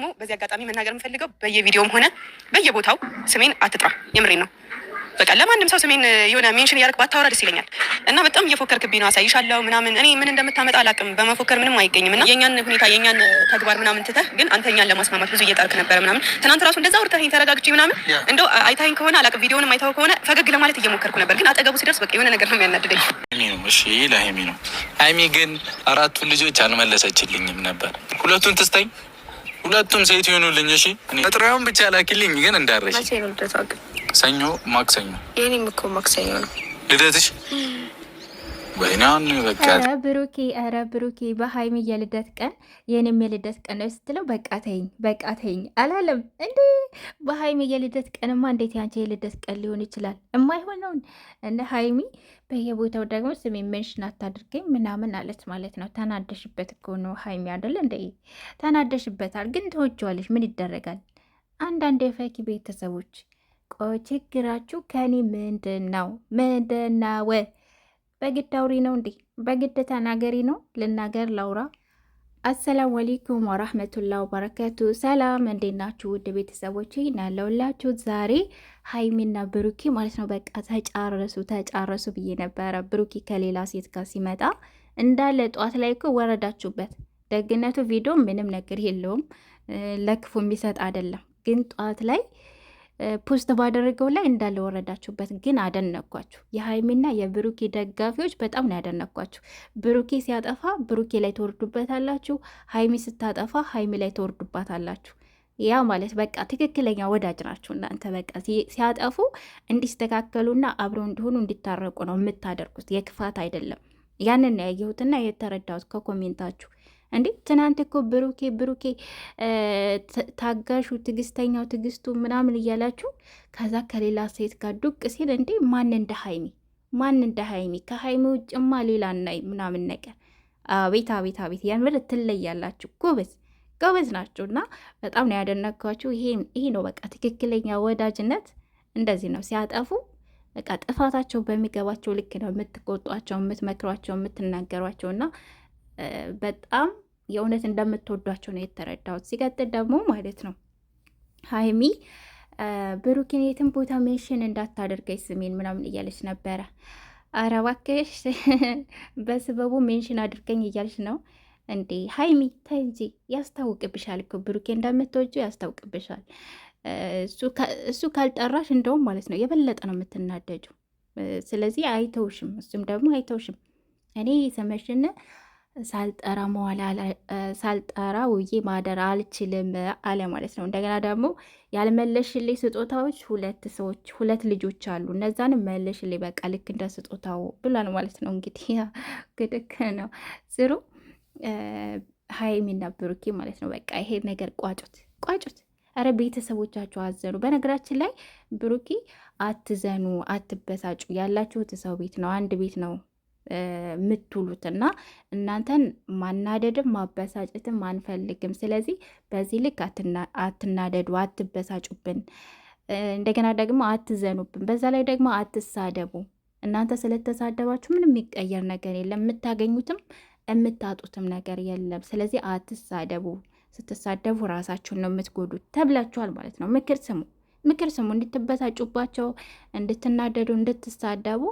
ደግሞ በዚህ አጋጣሚ መናገር የምፈልገው በየቪዲዮም ሆነ በየቦታው ስሜን አትጥራ። የምሬን ነው። በቃ ለማንም ሰው ስሜን የሆነ ሜንሽን እያደረግ ባታወራ ደስ ይለኛል። እና በጣም እየፎከርክብኝ ነው። አሳይሻለሁ ምናምን እኔ ምን እንደምታመጣ አላውቅም። በመፎከር ምንም አይገኝም። እና የእኛን ሁኔታ የእኛን ተግባር ምናምን ትተህ ግን አንተ እኛን ለማስማማት ብዙ እየጣርክ ነበረ ምናምን። ትናንት ራሱ እንደዛ አውርተኸኝ ተረጋግቼ ምናምን እንደ አይታኸኝ ከሆነ አላውቅም፣ ቪዲዮንም አይታኸው ከሆነ ፈገግ ለማለት እየሞከርኩ ነበር። ግን አጠገቡ ሲደርስ በቃ የሆነ ነገር ነው የሚያናድደኝ። እሺ ለሀይሚ ነው። ሀይሚ ግን አራቱን ልጆች አልመለሰችልኝም ነበር። ሁለቱን ትስተኝ ሁለቱም ሴት ይሆኑልኝ። እሺ መጥሪያውን ብቻ ላክልኝ ግን እንዳረሽ ሰኞ ማክሰኞ የኔም እኮ ማክሰኞ ነው ልደትሽ ኧረ ብሩኬ ኧረ ብሩኬ በሀይሚ የልደት ቀን የኔም የልደት ቀን ነው ስትለው፣ በቃ ተይኝ በቃ ተይኝ አላለም እንዴ? በሀይሚ የልደት ቀንማ እንዴት ያንቺ የልደት ቀን ሊሆን ይችላል? የማይሆነውን እነ ሀይሚ በየቦታው ደግሞ ስሜ ሜንሽን አታድርገኝ ምናምን አለች ማለት ነው። ተናደሽበት እኮ ነው ሀይሚ አደለ እንደ ተናደሽበታል፣ ግን ተወጅዋለች። ምን ይደረጋል? አንዳንድ የፈኪ ቤተሰቦች ቆ ችግራችሁ ከኔ ምንድን ነው ምንድን ነው በግድ አውሪ ነው እንዴ? በግድ ተናገሪ ነው? ልናገር ላውራ? አሰላሙ አለይኩም ወራህመቱላሂ ወበረከቱ። ሰላም እንዴት ናችሁ ውድ ቤተሰቦች? ናለውላችሁ ዛሬ ሀይሚና ብሩኪ ማለት ነው በቃ ተጫረሱ ተጫረሱ ብዬ ነበረ። ብሩኪ ከሌላ ሴት ጋር ሲመጣ እንዳለ ጠዋት ላይ እኮ ወረዳችሁበት። ደግነቱ ቪዲዮ ምንም ነገር የለውም ለክፉ የሚሰጥ አይደለም፣ ግን ጠዋት ላይ ፖስት ባደረገው ላይ እንዳለ ወረዳችሁበት። ግን አደነኳችሁ፣ የሀይሚና የብሩኬ ደጋፊዎች በጣም ነው ያደነኳችሁ። ብሩኬ ሲያጠፋ ብሩኬ ላይ ተወርዱበታላችሁ፣ ሀይሚ ስታጠፋ ሀይሚ ላይ ተወርዱባታላችሁ። ያ ማለት በቃ ትክክለኛ ወዳጅ ናችሁ እናንተ። በቃ ሲያጠፉ እንዲስተካከሉና አብረው እንዲሆኑ እንዲታረቁ ነው የምታደርጉት፣ የክፋት አይደለም። ያንን ያየሁትና የተረዳሁት ከኮሜንታችሁ እንዴ ትናንት እኮ ብሩኬ ብሩኬ ታጋሹ፣ ትግስተኛው፣ ትግስቱ ምናምን እያላችሁ ከዛ ከሌላ ሴት ጋር ዱቅ ሲል እንዴ ማን እንደ ሀይሚ ማን እንደ ሀይሚ ከሀይሚ ውጭማ ሌላ ናይ ምናምን ነገር አቤት አቤት አቤት የምር ትለያላችሁ። ጎበዝ ጎበዝ ናችሁ እና በጣም ነው ያደነኳችሁ። ይሄ ነው በቃ ትክክለኛ ወዳጅነት እንደዚህ ነው። ሲያጠፉ በቃ ጥፋታቸው በሚገባቸው ልክ ነው የምትቆጧቸው፣ የምትመክሯቸው፣ የምትናገሯቸው እና በጣም የእውነት እንደምትወዷቸው ነው የተረዳሁት። ሲቀጥል ደግሞ ማለት ነው ሀይሚ ብሩኬን የትም ቦታ ሜንሽን እንዳታደርገኝ ስሜን ምናምን እያለች ነበረ። ኧረ እባክሽ በስበቡ ሜንሽን አድርገኝ እያለች ነው እንዴ ሀይሚ ተይ እንጂ ያስታውቅብሻል እኮ ብሩኬ እንደምትወጁ ያስታውቅብሻል። እሱ ካልጠራሽ እንደውም ማለት ነው የበለጠ ነው የምትናደጁ። ስለዚህ አይተውሽም፣ እሱም ደግሞ አይተውሽም። እኔ ሰመሽነ ሳልጠራ መዋል ሳልጠራ ውዬ ማደር አልችልም አለ ማለት ነው። እንደገና ደግሞ ያልመለሽልኝ ስጦታዎች ሁለት ሰዎች ሁለት ልጆች አሉ እነዛንም መለሽልኝ በቃ ልክ እንደ ስጦታው ብሏል ማለት ነው። እንግዲህ ግድክ ነው ዝሩ ሀይሚና ብሩኬ ማለት ነው። በቃ ይሄ ነገር ቋጩት ቋጩት። ኧረ ቤተሰቦቻችሁ አዘኑ። በነገራችን ላይ ብሩኪ አትዘኑ፣ አትበሳጩ። ያላችሁት ሰው ቤት ነው፣ አንድ ቤት ነው የምትውሉትና እናንተን ማናደድም ማበሳጨትም አንፈልግም። ስለዚህ በዚህ ልክ አትናደዱ፣ አትበሳጩብን፣ እንደገና ደግሞ አትዘኑብን። በዛ ላይ ደግሞ አትሳደቡ። እናንተ ስለተሳደባችሁ ምንም የሚቀየር ነገር የለም፣ የምታገኙትም የምታጡትም ነገር የለም። ስለዚህ አትሳደቡ። ስትሳደቡ ራሳችሁን ነው የምትጎዱት ተብላችኋል ማለት ነው። ምክር ስሙ፣ ምክር ስሙ። እንድትበሳጩባቸው፣ እንድትናደዱ፣ እንድትሳደቡ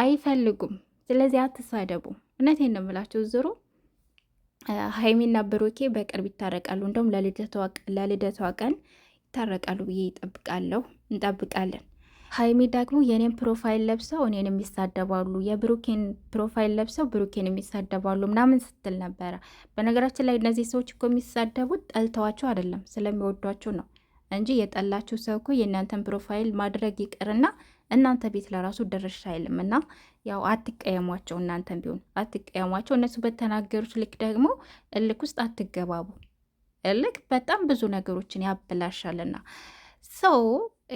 አይፈልጉም። ስለዚህ አትሳደቡ። እውነቴን ነው የምላቸው ዝሩ ሀይሚና ብሩኬ በቅርብ ይታረቃሉ። እንደውም ለልደቷ ቀን ይታረቃሉ ብዬ ይጠብቃለሁ እንጠብቃለን። ሀይሚ ደግሞ የኔን ፕሮፋይል ለብሰው እኔን የሚሳደባሉ፣ የብሩኬን ፕሮፋይል ለብሰው ብሩኬን የሚሳደባሉ ምናምን ስትል ነበረ። በነገራችን ላይ እነዚህ ሰዎች እኮ የሚሳደቡት ጠልተዋቸው አይደለም ስለሚወዷቸው ነው እንጂ የጠላችሁ ሰው እኮ የእናንተን ፕሮፋይል ማድረግ ይቅርና እናንተ ቤት ለራሱ ደረሻ አይልም እና ያው አትቀየሟቸው። እናንተም ቢሆን አትቀየሟቸው። እነሱ በተናገሩት ልክ ደግሞ እልክ ውስጥ አትገባቡ። እልክ በጣም ብዙ ነገሮችን ያበላሻልና ሰው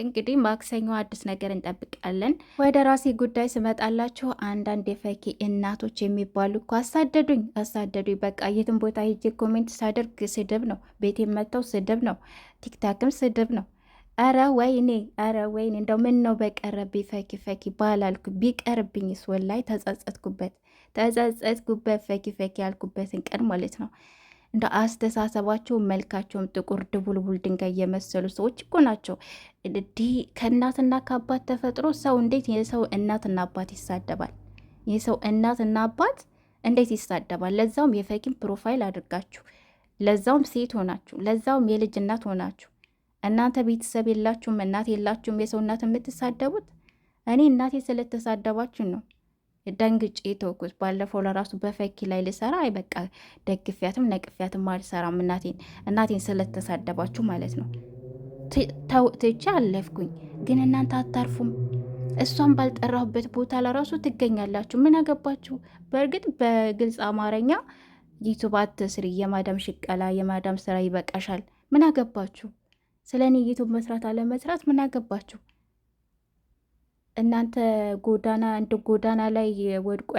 እንግዲህ ማክሰኞ አዲስ ነገር እንጠብቃለን። ወደ ራሴ ጉዳይ ስመጣላችሁ አንዳንድ የፈኪ እናቶች የሚባሉ እኮ አሳደዱኝ አሳደዱኝ። በቃ የትም ቦታ ሄጄ ኮሜንት ሳደርግ ስድብ ነው፣ ቤቴ መጥተው ስድብ ነው፣ ቲክታክም ስድብ ነው። አረ ወይኔ፣ አረ ወይኔ፣ እንደው ምን ነው በቀረብኝ ፈኪ ፈኪ ባላልኩ ቢቀርብኝ ስወል ላይ ተጸጸትኩበት፣ ተጸጸትኩበት ፈኪ ፈኪ ያልኩበትን ቀን ማለት ነው። እንደ አስተሳሰባቸው መልካቸውም ጥቁር ድቡልቡል ድንጋይ የመሰሉ ሰዎች እኮ ናቸው። ከእናትና ከአባት ተፈጥሮ ሰው እንዴት የሰው እናትና አባት ይሳደባል? የሰው እናትና አባት እንዴት ይሳደባል? ለዛውም የፈኪን ፕሮፋይል አድርጋችሁ፣ ለዛውም ሴት ሆናችሁ፣ ለዛውም የልጅ እናት ሆናችሁ እናንተ ቤተሰብ የላችሁም፣ እናት የላችሁም፣ የሰው እናት የምትሳደቡት። እኔ እናቴ ስለተሳደባችሁ ነው ደንግጬ ተውኩት። ባለፈው ለራሱ በፈኪ ላይ ልሰራ በቃ ደግፊያትም ነቅፊያትም አልሰራም። እናቴን እናቴን ስለተሳደባችሁ ማለት ነው ትቼ አለፍኩኝ። ግን እናንተ አታርፉም። እሷን ባልጠራሁበት ቦታ ለራሱ ትገኛላችሁ። ምን አገባችሁ? በእርግጥ በግልጽ አማርኛ ዩቱብ አትስሪ፣ የማዳም ሽቀላ፣ የማዳም ስራ ይበቃሻል። ምን አገባችሁ? ስለ እኔ ዩቱብ መስራት አለመስራት ምን አገባችሁ? እናንተ ጎዳና እንደ ጎዳና ላይ ወድቆ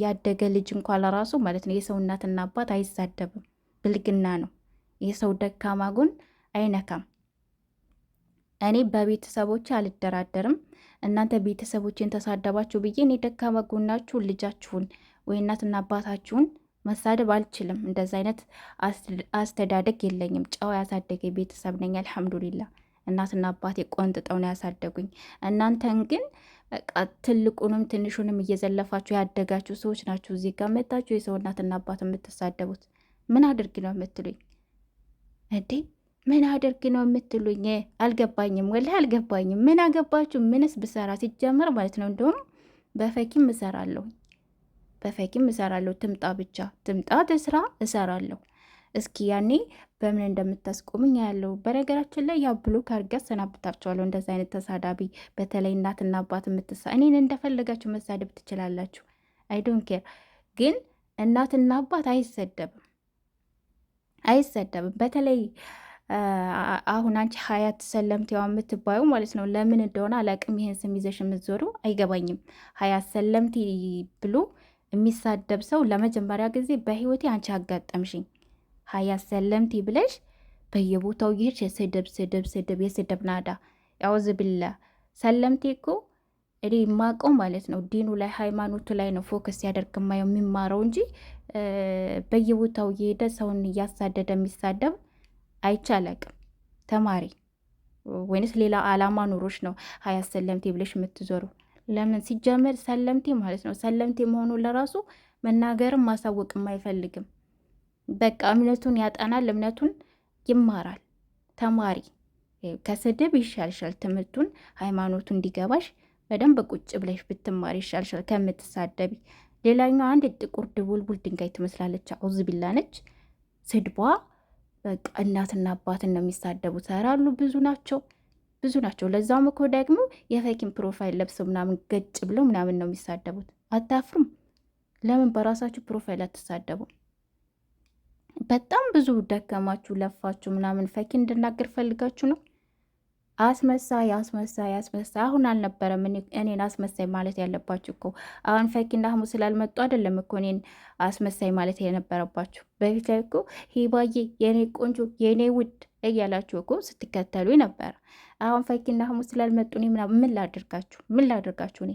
ያደገ ልጅ እንኳ ለራሱ ማለት ነው የሰው እናትና አባት አይሳደብም። ብልግና ነው። የሰው ደካማ ጎን አይነካም። እኔ በቤተሰቦች አልደራደርም። እናንተ ቤተሰቦችን ተሳደባችሁ ብዬ እኔ ደካማ ጎናችሁን ልጃችሁን ወይ እናትና አባታችሁን መሳደብ አልችልም። እንደዚ አይነት አስተዳደግ የለኝም። ጨዋ ያሳደገ ቤተሰብ ነኝ። አልሐምዱሊላ እናትና አባቴ ቆንጥጠው ነው ያሳደጉኝ። እናንተን ግን በቃ ትልቁንም ትንሹንም እየዘለፋችሁ ያደጋችሁ ሰዎች ናችሁ። እዚህ ጋር መታችሁ የሰው እናትና አባት የምትሳደቡት ምን አድርግ ነው የምትሉኝ እንዴ? ምን አድርግ ነው የምትሉኝ? አልገባኝም፣ ወላሂ አልገባኝም። ምን አገባችሁ? ምንስ ብሰራ ሲጀመር ማለት ነው። እንደውም በፈኪም እሰራለሁ በፈኪም እሰራለሁ። ትምጣ ብቻ ትምጣ ተስራ እሰራለሁ። እስኪ ያኔ በምን እንደምታስቆምኝ ያለው። በነገራችን ላይ ያ ብሎክ አድርጌ አሰናብታችኋለሁ። እንደዚህ አይነት ተሳዳቢ፣ በተለይ እናትና አባት የምትሳ እኔን እንደፈለጋችሁ መሳደብ ትችላላችሁ። አይ ዶንት ኬር። ግን እናትና አባት አይሰደብም፣ አይሰደብም። በተለይ አሁን አንቺ ሀያት ያው የምትባዩ ማለት ነው። ለምን እንደሆነ አላቅም። ይህን ስም ይዘሽ የምትዞሩ አይገባኝም። ሀያት ሰለምቴ ብሎ የሚሳደብ ሰው ለመጀመሪያ ጊዜ በህይወቴ አንቺ አጋጠምሽኝ። ሀያ ሰለምቲ ብለሽ በየቦታው ይሄድሽ የስድብ ስድብ ስድብ የስድብ ናዳ ያውዝ ብለ ሰለምቲ እኮ እኔ የማውቀው ማለት ነው ዲኑ ላይ ሃይማኖቱ ላይ ነው ፎከስ ያደርግ የሚማረው እንጂ በየቦታው እየሄደ ሰውን እያሳደደ የሚሳደብ አይቻለቅም። ተማሪ ወይንስ ሌላ አላማ ኑሮች ነው ሀያ ሰለምቴ ብለሽ የምትዞረው? ለምን ሲጀመር ሰለምቴ ማለት ነው። ሰለምቴ መሆኑ ለራሱ መናገርም ማሳወቅም አይፈልግም። በቃ እምነቱን ያጠናል፣ እምነቱን ይማራል። ተማሪ ከስድብ ይሻልሻል። ትምህርቱን ሃይማኖቱ እንዲገባሽ በደንብ ቁጭ ብለሽ ብትማሪ ይሻልሻል ከምትሳደቢ። ሌላኛው አንድ ጥቁር ድቡልቡል ድንጋይ ትመስላለች። አውዝ ቢላ ነች። ስድቧ በቃ እናትና አባትን ነው የሚሳደቡ። ሰራሉ ብዙ ናቸው። ብዙ ናቸው። ለዛውም እኮ ደግሞ የፈኪን ፕሮፋይል ለብሰው ምናምን ገጭ ብለው ምናምን ነው የሚሳደቡት። አታፍሩም? ለምን በራሳችሁ ፕሮፋይል አትሳደቡም? በጣም ብዙ ደከማችሁ፣ ለፋችሁ ምናምን ፌኪን እንድናገር ፈልጋችሁ ነው። አስመሳይ አስመሳይ አስመሳይ። አሁን አልነበረም እኔን አስመሳይ ማለት ያለባችሁ እኮ አሁን ፈኪና አህሙ ስላልመጡ አይደለም እኮ እኔን አስመሳይ ማለት የነበረባችሁ። በፊት ላይ እኮ ሂባዬ፣ የኔ ቆንጆ፣ የኔ ውድ እያላችሁ እኮ ስትከተሉ ነበረ። አሁን ፈኪና ሀሙ ስላልመጡ እኔ ምን ላድርጋችሁ? ምን ላድርጋችሁ? እኔ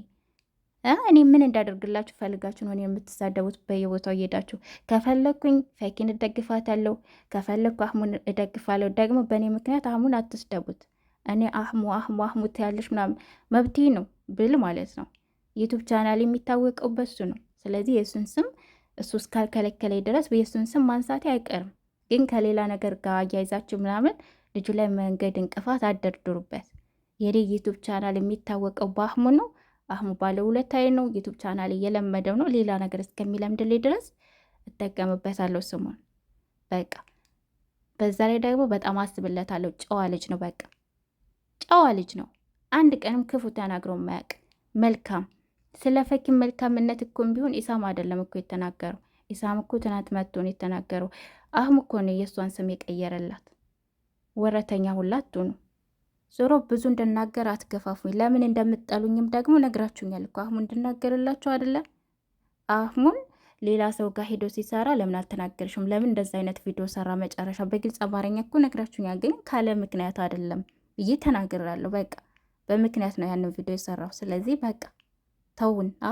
እኔ ምን እንዳደርግላችሁ ፈልጋችሁ ነው የምትሳደቡት? በየቦታው እየሄዳችሁ ከፈለግኩኝ ፈኪን እደግፋታለሁ፣ ከፈለግኩ አህሙን እደግፋለሁ። ደግሞ በእኔ ምክንያት አህሙን አትስደቡት። እኔ አህሙ አህሙ አህሙ ትያለሽ ምናምን መብቴ ነው ብል ማለት ነው። ዩቱብ ቻናል የሚታወቀው በሱ ነው። ስለዚህ የእሱን ስም እሱ እስካልከለከለኝ ድረስ የእሱን ስም ማንሳቴ አይቀርም። ግን ከሌላ ነገር ጋር አያይዛችሁ ምናምን ልጁ ላይ መንገድ እንቅፋት አደርድሩበት። የኔ ዩቱብ ቻናል የሚታወቀው በአህሙ ነው። አህሙ ባለ ሁለታይ ነው። ዩቱብ ቻናል እየለመደው ነው። ሌላ ነገር እስከሚለምድልኝ ድረስ እጠቀምበታለሁ ስሙን። በቃ በዛ ላይ ደግሞ በጣም አስብለታለሁ። ጨዋ ልጅ ነው። በቃ ጨዋ ልጅ ነው። አንድ ቀንም ክፉ ተናግሮ ማያቅ መልካም። ስለ ፈኪም መልካምነት እኮም ቢሆን ኢሳም አይደለም እኮ የተናገረው። ኢሳም እኮ ትናንት መጥቶን የተናገረው አህሙ እኮ ነው የእሷን ስም የቀየረላት። ወረተኛ ሁላት አትሁኑ። ዞሮ ብዙ እንድናገር አትገፋፉኝ። ለምን እንደምጠሉኝም ደግሞ ነግራችሁኛል እኮ አህሙ እንድናገርላችሁ አደለ? አህሙን ሌላ ሰው ጋር ሄዶ ሲሰራ ለምን አልተናገርሽም? ለምን እንደዚ አይነት ቪዲዮ ሰራ? መጨረሻ በግልጽ አማርኛ እኮ ነግራችሁኛል። ግን ካለ ምክንያት አይደለም ብዬ ተናግሬያለሁ። በቃ በምክንያት ነው ያንን ቪዲዮ የሰራው። ስለዚህ በቃ ተውን አ